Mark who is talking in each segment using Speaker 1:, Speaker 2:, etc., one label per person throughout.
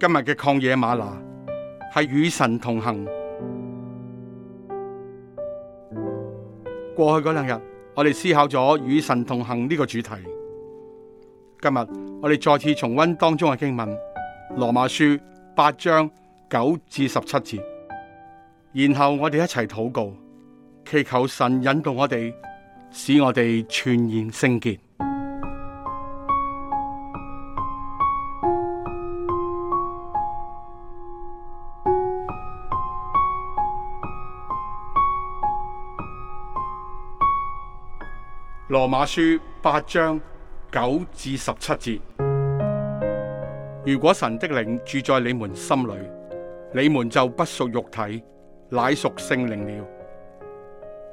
Speaker 1: 今日嘅曠野嗎哪係與神同行。過去嗰兩日，我哋思考咗與神同行呢個主題。今日我哋再次重温當中嘅經文《羅馬書》八章九至十七節，然後我哋一齊禱告，祈求神引導我哋，使我哋全然聖潔。羅馬書八章九至十七節：如果神的靈住在你們心裏，你們就不屬肉體，乃屬聖靈了。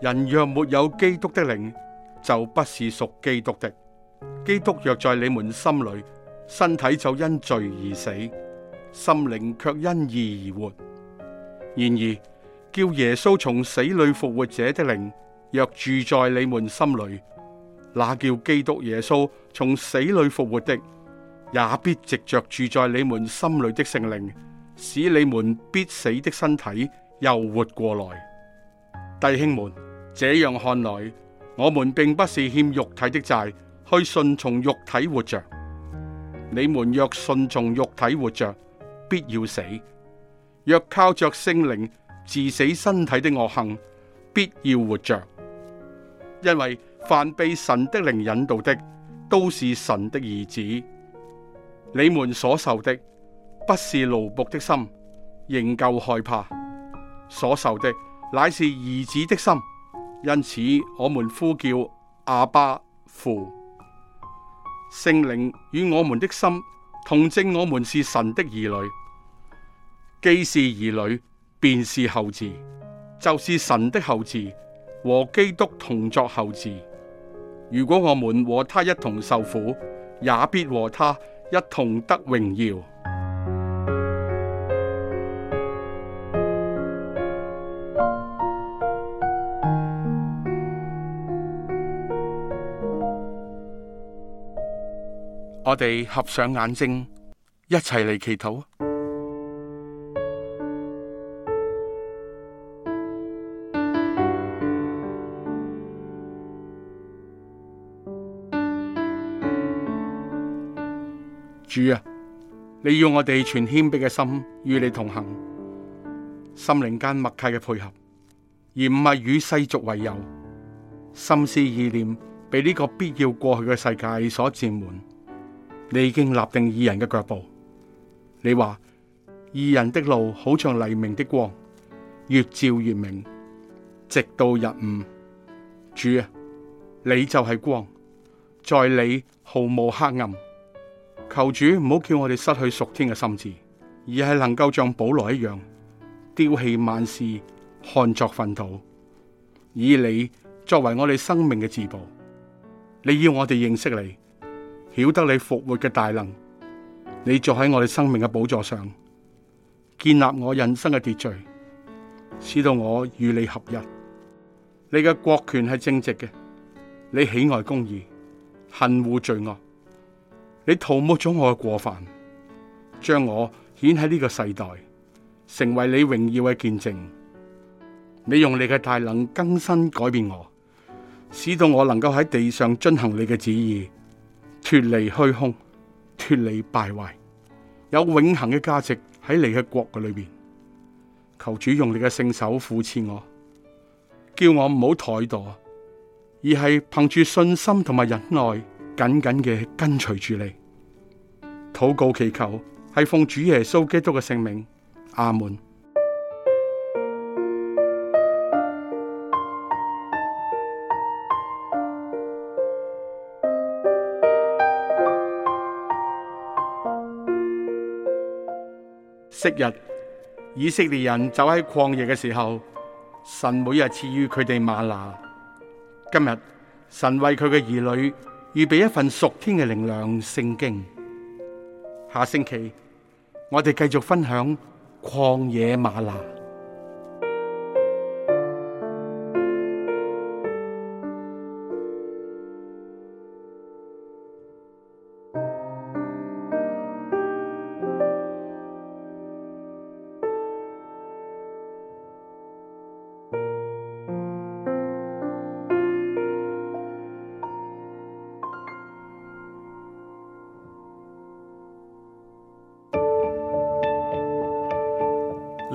Speaker 1: 人若沒有基督的靈，就不是屬基督的。基督若在你們心裏，身體就因罪而死，心靈卻因義而活。然而，叫耶穌從死裏復活者的靈，若住在你們心裏，那叫基督耶穌從死裏復活的，也必藉着住在你們心裏的聖靈，使你們必死的身體又活過來。弟兄們，這樣看來，我們並不是欠肉體的債，去順從肉體活着。你們若順從肉體活着，必要死；若靠着聖靈治死身體的惡行，必要活着，因為，凡被神的靈引導的，都是神的兒子。你們所受的不是奴僕的心，仍舊害怕；所受的乃是兒子的心。因此，我們呼叫阿爸父。聖靈與我們的心同證，我們是神的兒女。既是兒女，便是後嗣，就是神的後嗣，和基督同作後嗣。如果我們和他一同受苦，也必和他一同得榮耀。我哋合上眼睛，一齊嚟祈禱。主啊，你要我哋全謙卑嘅心與你同行，心靈間默契嘅配合，而唔係與世俗為友。心思意念被呢個必要過去嘅世界所佔滿。你已經立定義人嘅腳步，你話義人的路好像黎明的光，越照越明，直到日午。主啊，你就係光，在你毫無黑暗。求主唔好叫我哋失去屬天嘅心智，而係能夠像保羅一樣丟棄萬事，看作糞土，以你作為我哋生命嘅至寶，你要我哋認識你，曉得你復活嘅大能。你坐喺我哋生命嘅寶座上，建立我人生嘅秩序，使到我與你合一。你嘅國權係正直嘅，你喜愛公義，恨惡罪惡。你塗抹咗我嘅過犯，將我顯喺呢個世代，成為你榮耀嘅見證。你用你嘅大能更新改變我，使到我能夠喺地上遵行你嘅旨意，脫離虛空，脫離敗壞，有永恆嘅價值喺你嘅國裏面。求主用你嘅聖手扶持我，叫我唔好怠惰，而係憑住信心同埋忍耐。緊緊嘅跟隨住你，禱告祈求，係奉主耶穌基督嘅聖名，阿門。昔日以色列人走喺曠野嘅時候，神每日賜予佢哋嗎哪。今日神為佢嘅兒女。預備一份屬天嘅靈糧聖經。下星期我哋繼續分享曠野嗎哪。